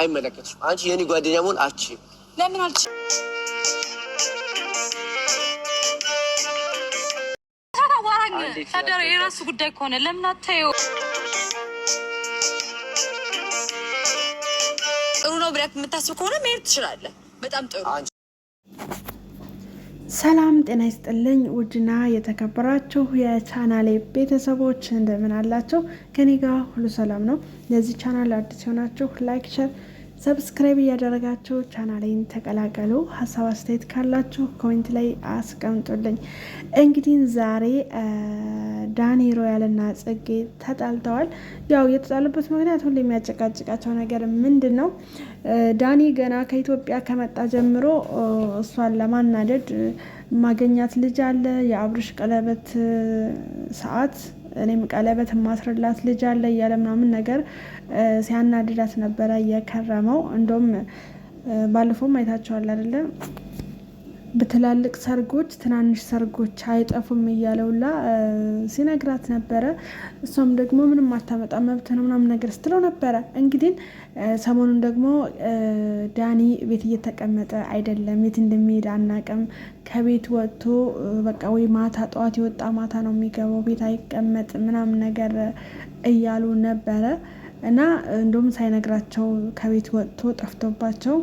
አይመለከትሽም። አንቺ የኔ ጓደኛ መሆን አች ለምን አልች ታዲያ የራሱ ጉዳይ ከሆነ ለምን አታየው? ጥሩ ነው ብለህ የምታስብ ከሆነ መሄድ ትችላለህ። በጣም ጥሩ ሰላም ጤና ይስጥልኝ። ውድና የተከበራችሁ የቻናሌ ቤተሰቦች እንደምን አላችሁ? ከኔ ጋር ሁሉ ሰላም ነው። ለዚህ ቻናል አዲስ የሆናችሁ ላይክ፣ ሸር ሰብስክራይብ እያደረጋችሁ ቻናሌን ተቀላቀሉ። ሀሳብ አስተያየት ካላችሁ ኮሜንት ላይ አስቀምጡልኝ። እንግዲህ ዛሬ ዳኒ ሮያልና ጽጌ ተጣልተዋል። ያው የተጣሉበት ምክንያት ሁሉ የሚያጨቃጭቃቸው ነገር ምንድን ነው? ዳኒ ገና ከኢትዮጵያ ከመጣ ጀምሮ እሷን ለማናደድ ማገኛት ልጅ አለ የአብርሽ ቀለበት ሰዓት እኔም ቀለበት ማስርላት ልጅ አለ እያለ ምናምን ነገር ሲያናድዳት ነበረ የከረመው። እንደውም ባለፈውም አይታቸዋል አይደለም በትላልቅ ሰርጎች ትናንሽ ሰርጎች አይጠፉም እያለውላ ሲነግራት ነበረ። እሷም ደግሞ ምንም አታመጣ መብት ነው ምናምን ነገር ስትለው ነበረ። እንግዲህ ሰሞኑን ደግሞ ዳኒ ቤት እየተቀመጠ አይደለም፣ የት እንደሚሄድ አናቅም። ከቤት ወጥቶ በቃ ወይ ማታ ጠዋት የወጣ ማታ ነው የሚገባው፣ ቤት አይቀመጥ ምናምን ነገር እያሉ ነበረ እና እንደውም ሳይነግራቸው ከቤት ወጥቶ ጠፍቶባቸው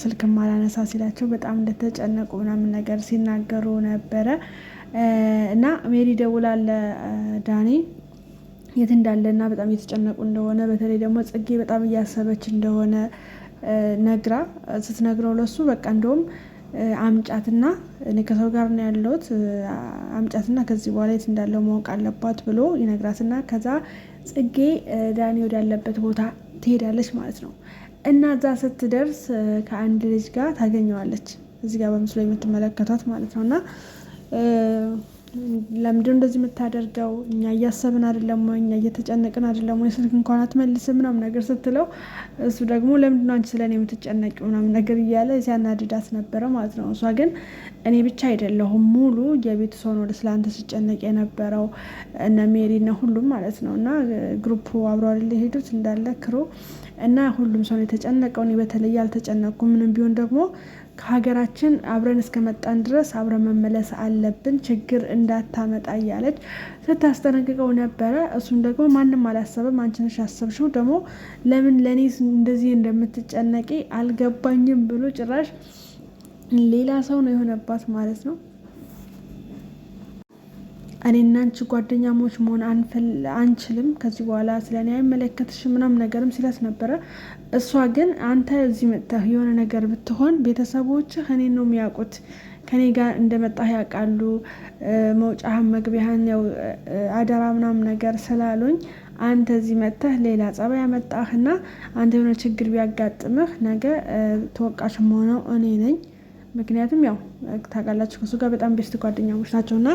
ስልክም አላነሳ ሲላቸው በጣም እንደተጨነቁ ምናምን ነገር ሲናገሩ ነበረ እና ሜሪ ደውላለ ዳኒ የት እንዳለ እና በጣም እየተጨነቁ እንደሆነ በተለይ ደግሞ ጽጌ በጣም እያሰበች እንደሆነ ነግራ ስትነግረው ለሱ በቃ እንደውም አምጫትና እኔ ከሰው ጋር ነው ያለሁት አምጫትና ከዚህ በኋላ የት እንዳለው ማወቅ አለባት ብሎ ይነግራትና ከዛ ጽጌ ዳኒ ወዳለበት ቦታ ትሄዳለች ማለት ነው። እና እዛ ስትደርስ ከአንድ ልጅ ጋር ታገኘዋለች። እዚህ ጋር በምስሉ ላይ የምትመለከቷት ማለት ነው። እና ለምንድነው እንደዚህ የምታደርገው? እኛ እያሰብን አይደለም ወይ? እኛ እየተጨነቅን አይደለም ወይ? ስልክ እንኳን አትመልስም ምናምን ነገር ስትለው እሱ ደግሞ ለምንድነው አንቺ ስለእኔ እኔ የምትጨነቂ ምናምን ነገር እያለ ሲያናድዳት ነበረ ማለት ነው። እሷ ግን እኔ ብቻ አይደለሁም ሙሉ የቤት ሰውን ወደ ስለአንተ ሲጨነቅ የነበረው እነ ሜሪ ነው ሁሉም ማለት ነው። እና ግሩፕ አብረው ሄዱት እንዳለ ክሮ እና ሁሉም ሰው የተጨነቀው እኔ በተለይ አልተጨነቁ። ምንም ቢሆን ደግሞ ከሀገራችን አብረን እስከመጣን ድረስ አብረን መመለስ አለብን፣ ችግር እንዳታመጣ እያለች ስታስጠነቅቀው ነበረ። እሱም ደግሞ ማንም አላሰበም፣ አንቺ ነሽ ያሰብሽው፣ ደግሞ ለምን ለእኔ እንደዚህ እንደምትጨነቂ አልገባኝም ብሎ ጭራሽ ሌላ ሰው ነው የሆነባት ማለት ነው። እኔ እና አንቺ ጓደኛሞች መሆን አንችልም፣ ከዚህ በኋላ ስለ እኔ አይመለከትሽ ምናም ነገርም ሲለት ነበረ። እሷ ግን አንተ እዚህ መጥተህ የሆነ ነገር ብትሆን ቤተሰቦችህ እኔ ነው የሚያውቁት ከኔ ጋር እንደመጣህ ያውቃሉ። መውጫህን መግቢያህን ያው አደራ ምናም ነገር ስላሉኝ አንተ እዚህ መጥተህ ሌላ ጸባይ ያመጣህና አንተ የሆነ ችግር ቢያጋጥምህ ነገ ተወቃሽ መሆነው እኔ ነኝ። ምክንያቱም ያው ታውቃላችሁ ከሱ ጋር በጣም ቤስት ጓደኛሞች ናቸው እና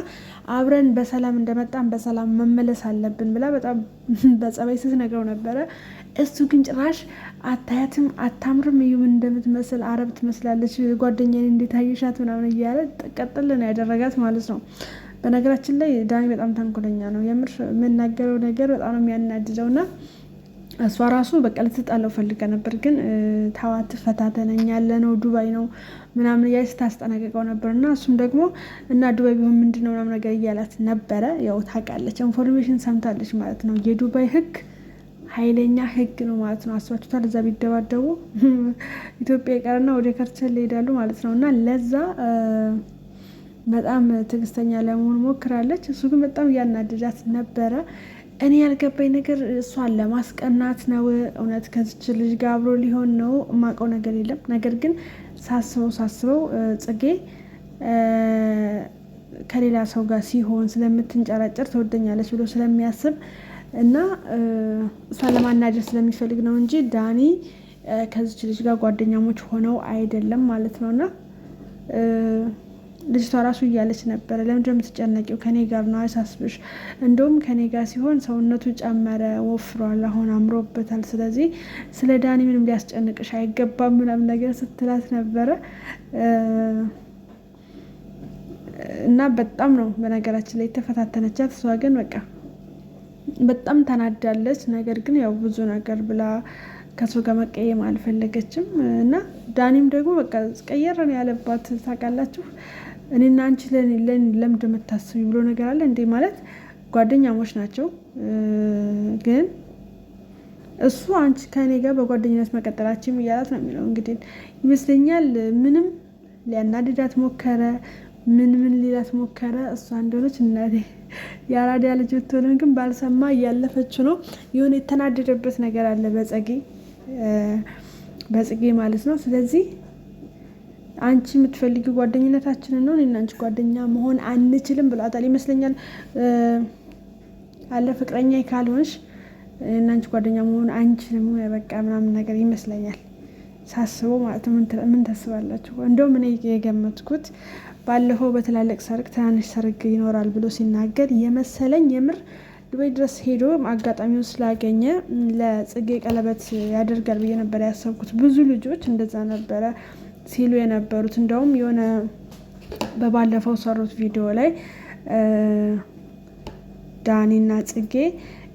አብረን በሰላም እንደመጣን በሰላም መመለስ አለብን ብላ በጣም በጸባይ ስትነግረው ነበረ። እሱ ግን ጭራሽ አታያትም፣ አታምርም፣ እዩም እንደምትመስል አረብ ትመስላለች፣ ጓደኛዬን እንዴት አየሻት ምናምን እያለ ቀጥል ያደረጋት ማለት ነው። በነገራችን ላይ ዳኒ በጣም ተንኮለኛ ነው። የምር የምናገረው ነገር በጣም ነው የሚያናድደው እና እሷ ራሱ በቃ ልትጣለው ፈልገ ነበር፣ ግን ተዋት ፈታተነኝ ያለ ነው ዱባይ ነው ምናምን እያለች ስታስጠነቅቀው ነበር። እና እሱም ደግሞ እና ዱባይ ቢሆን ምንድን ነው ምናምን ነገር እያላት ነበረ። ያው ታውቃለች፣ ኢንፎርሜሽን ሰምታለች ማለት ነው። የዱባይ ህግ ኃይለኛ ህግ ነው ማለት ነው። አስባችሁታል? እዛ ቢደባደቡ ኢትዮጵያ የቀረና ወደ ከርቸል ይሄዳሉ ማለት ነው። እና ለዛ በጣም ትዕግስተኛ ለመሆን ሞክራለች። እሱ ግን በጣም እያናደዳት ነበረ። እኔ ያልገባኝ ነገር እሷን ለማስቀናት ነው። እውነት ከዚች ልጅ ጋር አብሮ ሊሆን ነው? የማውቀው ነገር የለም። ነገር ግን ሳስበው ሳስበው ጽጌ ከሌላ ሰው ጋር ሲሆን ስለምትንጨራጨር ትወደኛለች ብሎ ስለሚያስብ እና እሷን ለማናጀር ስለሚፈልግ ነው እንጂ ዳኒ ከዚች ልጅ ጋር ጓደኛሞች ሆነው አይደለም ማለት ነው እና ልጅቷ ራሱ እያለች ነበረ፣ ለምንድን የምትጨነቂው? ከኔ ጋር ነው አያሳስብሽ። እንደውም ከኔ ጋር ሲሆን ሰውነቱ ጨመረ፣ ወፍሯል፣ አሁን አምሮበታል። ስለዚህ ስለ ዳኒ ምንም ሊያስጨንቅሽ አይገባም ምናምን ነገር ስትላት ነበረ እና በጣም ነው በነገራችን ላይ የተፈታተነቻት። እሷ ግን በቃ በጣም ተናዳለች። ነገር ግን ያው ብዙ ነገር ብላ ከሰው ጋር መቀየም አልፈለገችም እና ዳኒም ደግሞ በቃ ቀየረን ያለባት ታውቃላችሁ። እኔና አንቺ ለምንድን ለምድ የምታስቢ ብሎ ነገር አለ እንዴ? ማለት ጓደኛሞች ናቸው፣ ግን እሱ አንቺ ከእኔ ጋር በጓደኝነት መቀጠላችን እያላት ነው የሚለው። እንግዲህ ይመስለኛል ምንም ሊያናድዳት ሞከረ፣ ምን ምን ሊላት ሞከረ። እሷ እንደሆነች እናቴ የአራዳ ልጅ ብትሆንም ግን ባልሰማ እያለፈች ነው። የሆነ የተናደደበት ነገር አለ በጽጌ በጽጌ ማለት ነው። ስለዚህ አንቺ የምትፈልጊው ጓደኝነታችንን ነው፣ እኔና አንቺ ጓደኛ መሆን አንችልም ብሏታል ይመስለኛል። አለ ፍቅረኛ ካልሆንሽ እኔና አንቺ ጓደኛ መሆን አንችልም በቃ ምናምን ነገር ይመስለኛል ሳስበው ማለት ነው። ምን ታስባላችሁ? እንደውም እኔ የገመትኩት ባለፈው በትላልቅ ሰርግ ትናንሽ ሰርግ ይኖራል ብሎ ሲናገር የመሰለኝ የምር ዱባይ ድረስ ሄዶ አጋጣሚውን ስላገኘ ለጽጌ ቀለበት ያደርጋል ብዬ ነበር ያሰብኩት። ብዙ ልጆች እንደዛ ነበረ ሲሉ የነበሩት እንደውም የሆነ በባለፈው ሰሩት ቪዲዮ ላይ ዳኒና ጽጌ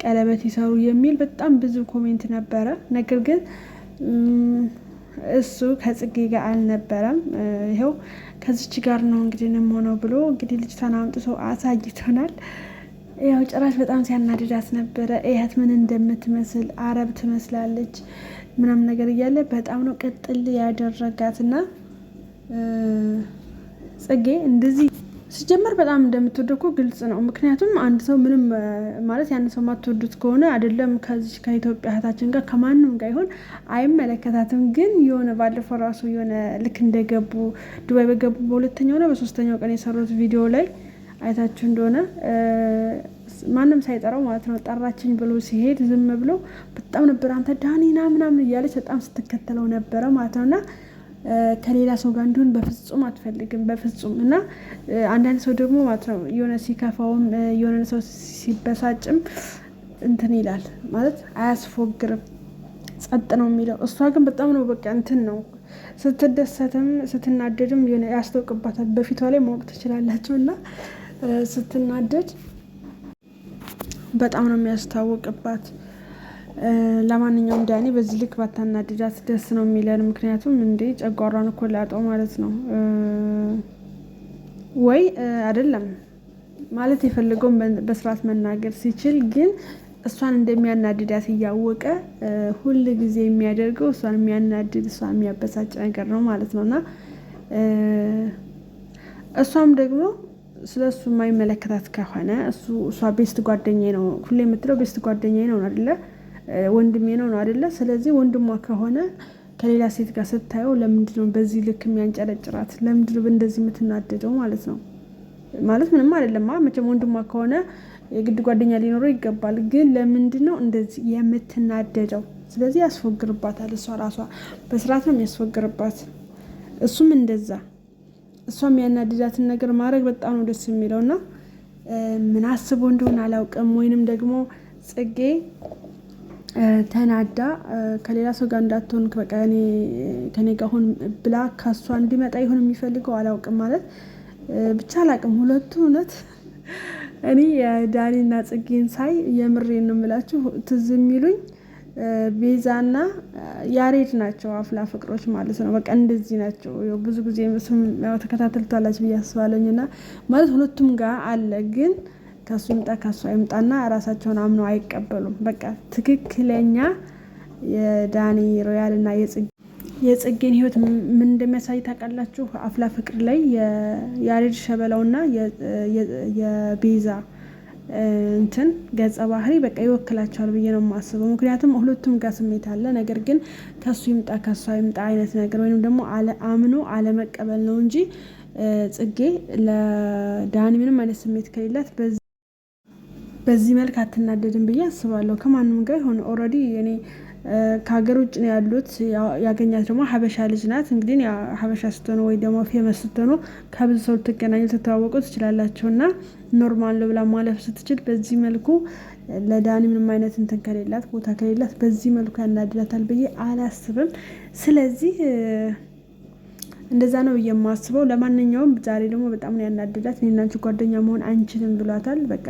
ቀለበት ይሰሩ የሚል በጣም ብዙ ኮሜንት ነበረ። ነገር ግን እሱ ከጽጌ ጋር አልነበረም። ይኸው ከዚች ጋር ነው እንግዲህ ሆነው ብሎ እንግዲህ ተናምጡ ሰው አሳይቶናል። ያው ጭራሽ በጣም ሲያናድዳት ነበረ። እያት ምን እንደምትመስል አረብ ትመስላለች ምናምን ነገር እያለ በጣም ነው ቅጥል ያደረጋትና ጽጌ እንደዚህ ሲጀመር በጣም እንደምትወደው እኮ ግልጽ ነው። ምክንያቱም አንድ ሰው ምንም ማለት ያን ሰው ማትወዱት ከሆነ አይደለም ከዚህ ከኢትዮጵያ እህታችን ጋር ከማንም ጋር ይሆን አይመለከታትም። ግን የሆነ ባለፈው ራሱ የሆነ ልክ እንደገቡ ዱባይ በገቡ በሁለተኛው ና በሶስተኛው ቀን የሰሩት ቪዲዮ ላይ አይታችሁ እንደሆነ ማንም ሳይጠራው ማለት ነው ጠራችኝ ብሎ ሲሄድ ዝም ብሎ በጣም ነበር አንተ ዳኒና ምናምን እያለች በጣም ስትከተለው ነበረ ማለት ነው እና ከሌላ ሰው ጋር እንዲሆን በፍጹም አትፈልግም፣ በፍጹም እና አንዳንድ ሰው ደግሞ ማለት ነው የሆነ ሲከፋውም የሆነ ሰው ሲበሳጭም እንትን ይላል ማለት አያስፎግርም፣ ጸጥ ነው የሚለው። እሷ ግን በጣም ነው በቃ እንትን ነው ስትደሰትም ስትናደድም የሆነ ያስታውቅባታል። በፊቷ ላይ ማወቅ ትችላላቸው እና ስትናደድ በጣም ነው የሚያስታውቅባት። ለማንኛውም ዳኒ በዚህ ልክ ባታናድዳት ደስ ነው የሚለን። ምክንያቱም እንዴ ጨጓሯን እኮ ላጠው ማለት ነው ወይ አይደለም ማለት የፈለገውን በስርዓት መናገር ሲችል ግን እሷን እንደሚያናድዳት እያወቀ ሁል ጊዜ የሚያደርገው እሷን የሚያናድድ እሷን የሚያበሳጭ ነገር ነው ማለት ነው እና እሷም ደግሞ ስለ እሱ የማይመለከታት ከሆነ እሱ እሷ ቤስት ጓደኛ ነው ሁሌ የምትለው ቤስት ጓደኛ ነው አደለ፣ ወንድሜ ነው ነው አደለ። ስለዚህ ወንድሟ ከሆነ ከሌላ ሴት ጋር ስታየው ለምንድን ነው በዚህ ልክ የሚያንጨረጭራት? ለምንድን ነው እንደዚህ የምትናደደው ማለት ነው? ማለት ምንም አይደለም መቼም ወንድሟ ከሆነ የግድ ጓደኛ ሊኖረው ይገባል። ግን ለምንድ ነው እንደዚህ የምትናደደው? ስለዚህ ያስፎግርባታል። እሷ ራሷ በስርዓት ነው የሚያስፎግርባት፣ እሱም እንደዛ እሷም ያናድዳትን ነገር ማድረግ በጣም ነው ደስ የሚለውና ምን አስቦ እንደሆነ አላውቅም። ወይንም ደግሞ ጽጌ ተናዳ ከሌላ ሰው ጋር እንዳትሆን በቃ ከኔ ጋር ሁን ብላ ከሷ እንዲመጣ ይሆን የሚፈልገው አላውቅም። ማለት ብቻ አላውቅም። ሁለቱ እውነት እኔ የዳኒና ጽጌን ሳይ የምሬን ነው የምላችሁ ትዝ የሚሉኝ ቤዛና ያሬድ ናቸው አፍላ ፍቅሮች ማለት ነው። በቃ እንደዚህ ናቸው። ብዙ ጊዜ ስም ተከታተልቷላች ብዬ አስባለኝ እና ማለት ሁለቱም ጋር አለ ግን ከሱ ይምጣ ከሱ አይምጣና ራሳቸውን አምነው አይቀበሉም። በቃ ትክክለኛ የዳኒ ሮያል እና የጽጌን ህይወት ምን እንደሚያሳይ ታውቃላችሁ? አፍላ ፍቅር ላይ የያሬድ ና የቤዛ እንትን ገጸ ባህሪ በቃ ይወክላቸዋል ብዬ ነው የማስበው። ምክንያቱም ሁለቱም ጋር ስሜት አለ። ነገር ግን ከሱ ይምጣ ከሷ ይምጣ አይነት ነገር ወይም ደግሞ አምኖ አለመቀበል ነው እንጂ ጽጌ ለዳኒ ምንም አይነት ስሜት ከሌላት በዚህ መልክ አትናደድም ብዬ አስባለሁ። ከማንም ጋር የሆነ ኦልሬዲ እኔ ከሀገር ውጭ ነው ያሉት። ያገኛት ደግሞ ሀበሻ ልጅ ናት። እንግዲህ ሀበሻ ስትሆኑ ወይ ደግሞ ፌመስ ስትሆኑ ከብዙ ሰው ልትገናኙ ልትተዋወቁ ትችላላችሁ እና ኖርማል ነው ብላ ማለፍ ስትችል በዚህ መልኩ ለዳኒ ምንም አይነት እንትን ከሌላት ቦታ ከሌላት በዚህ መልኩ ያናድዳታል ብዬ አላስብም። ስለዚህ እንደዛ ነው የማስበው። ለማንኛውም ዛሬ ደግሞ በጣም ነው ያናደዳት። እኔ አንቺ ጓደኛ መሆን አንችልም ብሏታል። በቃ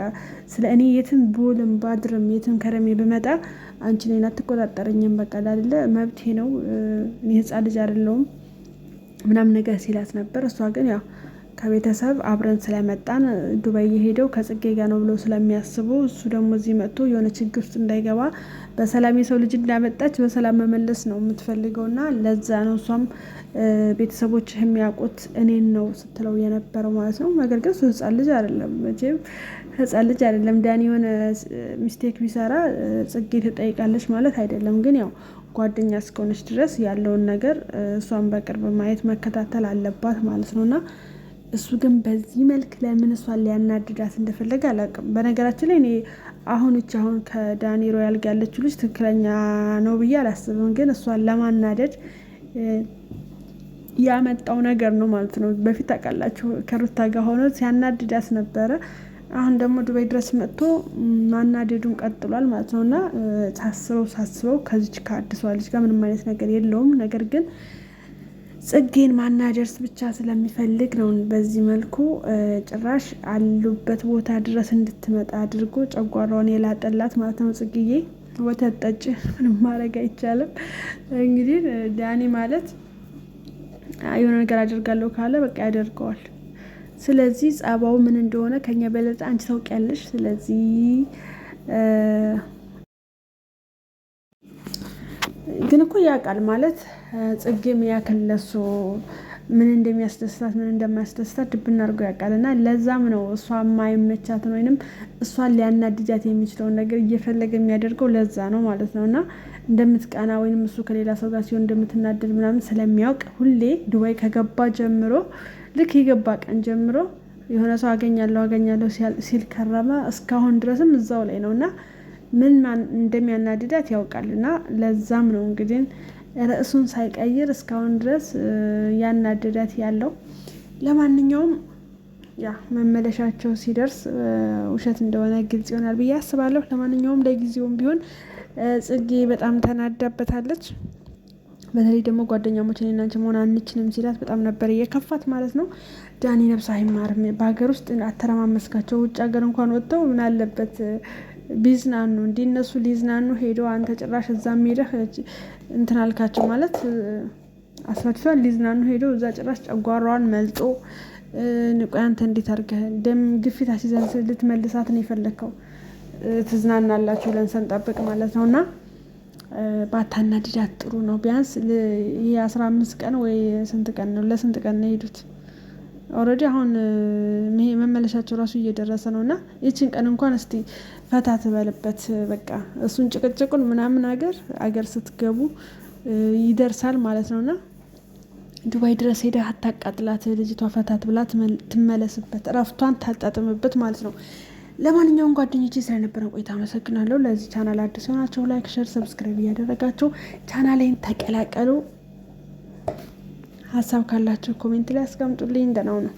ስለ እኔ የትም ብውልም ባድርም የትም ከረሜ ብመጣ አንቺ እኔን አትቆጣጠረኝም በቃ አይደለ መብቴ ነው እኔ ህፃን ልጅ አይደለሁም ምናምን ነገር ሲላት ነበር። እሷ ግን ያው ከቤተሰብ አብረን ስለመጣን ዱባይ የሄደው ከጽጌ ጋር ነው ብለው ስለሚያስቡ እሱ ደግሞ እዚህ መጥቶ የሆነ ችግር ውስጥ እንዳይገባ በሰላም የሰው ልጅ እንዳመጣች በሰላም መመለስ ነው የምትፈልገው እና ለዛ ነው እሷም ቤተሰቦች የሚያውቁት እኔን ነው ስትለው የነበረው ማለት ነው። ነገር ግን እሱ ህፃን ልጅ አይደለም መቼም ህፃን ልጅ አይደለም። ዳኒ የሆነ ሚስቴክ ቢሰራ ጽጌ ትጠይቃለች ማለት አይደለም። ግን ያው ጓደኛ እስከሆነች ድረስ ያለውን ነገር እሷን በቅርብ ማየት መከታተል አለባት ማለት ነው እና እሱ ግን በዚህ መልክ ለምን እሷን ሊያናድዳት እንደፈለገ አላውቅም። በነገራችን ላይ እኔ አሁን እች አሁን ከዳኒ ሮያል ጋር ያለችው ልጅ ትክክለኛ ነው ብዬ አላስብም። ግን እሷን ለማናደድ ያመጣው ነገር ነው ማለት ነው። በፊት ታውቃላችሁ ከሩታ ጋር ሆኖ ሲያናድዳት ነበረ። አሁን ደግሞ ዱባይ ድረስ መጥቶ ማናደዱን ቀጥሏል ማለት ነው። እና ሳስበው ሳስበው ከዚች ከአዲሷ ልጅ ጋር ምንም አይነት ነገር የለውም። ነገር ግን ጽጌን ማናደርስ ብቻ ስለሚፈልግ ነው በዚህ መልኩ ጭራሽ አሉበት ቦታ ድረስ እንድትመጣ አድርጎ ጨጓራውን የላጠላት ማለት ነው። ጽጌዬ ወተት ጠጭ፣ ምንም ማድረግ አይቻልም። እንግዲህ ዳኒ ማለት የሆነ ነገር አደርጋለሁ ካለ በቃ ያደርገዋል። ስለዚህ ጸባው ምን እንደሆነ ከኛ በለጠ አንቺ ታውቂያለሽ። ስለዚህ ግን እኮ ያውቃል ማለት ጽጌ ምን ያክል ለሱ ምን እንደሚያስደስታት ምን እንደማያስደስታት ድብና አድርጎ ያውቃል። እና ለዛም ነው እሷ የማይመቻትን ወይንም እሷን ሊያናድጃት የሚችለውን ነገር እየፈለገ የሚያደርገው ለዛ ነው ማለት ነው። እና እንደምትቀና ወይንም እሱ ከሌላ ሰው ጋር ሲሆን እንደምትናደድ ምናምን ስለሚያውቅ ሁሌ ዱባይ ከገባ ጀምሮ ልክ የገባ ቀን ጀምሮ የሆነ ሰው አገኛለሁ አገኛለሁ ሲል ከረመ። እስካሁን ድረስም እዛው ላይ ነው እና ምን እንደሚያናድዳት ያውቃል። እና ለዛም ነው እንግዲህ ርዕሱን ሳይቀይር እስካሁን ድረስ ያናድዳት ያለው። ለማንኛውም ያ መመለሻቸው ሲደርስ ውሸት እንደሆነ ግልጽ ይሆናል ብዬ አስባለሁ። ለማንኛውም ለጊዜውም ቢሆን ጽጌ በጣም ተናዳበታለች። በተለይ ደግሞ ጓደኛሞች እኔና አንቺ መሆን አንችልም ሲላት በጣም ነበር እየከፋት ማለት ነው። ዳኒ ነብስ አይማርም። በሀገር ውስጥ አተረማመስካቸው ውጭ ሀገር እንኳን ወጥተው ምን አለበት ቢዝናኑ እንዲ እነሱ ሊዝናኑ ሄዶ አንተ ጭራሽ እዛም ሄደህ እንትን አልካቸው ማለት አስፈትቷል። ሊዝናኑ ሄዶ እዛ ጭራሽ ጨጓሯዋን መልጦ ንቆይ አንተ እንዴት አድርገህ ደም ግፊት አሲዘን ልትመልሳት ነው የፈለግከው ትዝናናላችሁ ብለን ሰንጠብቅ ማለት ነው እና ባታናድዳት ጥሩ ነው። ቢያንስ አስራ አምስት ቀን ወይ ስንት ቀን ነው ለስንት ቀን ነው የሄዱት? ኦልሬዲ አሁን መመለሻቸው ራሱ እየደረሰ ነው እና ይችን ቀን እንኳን እስቲ ፈታ ትበልበት። በቃ እሱን ጭቅጭቁን ምናምን አገር አገር ስትገቡ ይደርሳል ማለት ነው እና ዱባይ ድረስ ሄደ አታቃጥላት ልጅቷ። ፈታት ብላ ትመለስበት፣ እረፍቷን ታጣጥምበት ማለት ነው። ለማንኛውም ጓደኞቼ ስለነበረ ቆይታ አመሰግናለሁ። ለዚህ ቻናል አዲስ የሆናችሁ ላይክ፣ ሸር፣ ሰብስክራይብ እያደረጋችሁ ቻናሌን ተቀላቀሉ። ሀሳብ ካላችሁ ኮሜንት ላይ አስቀምጡልኝ። ደህና ነው።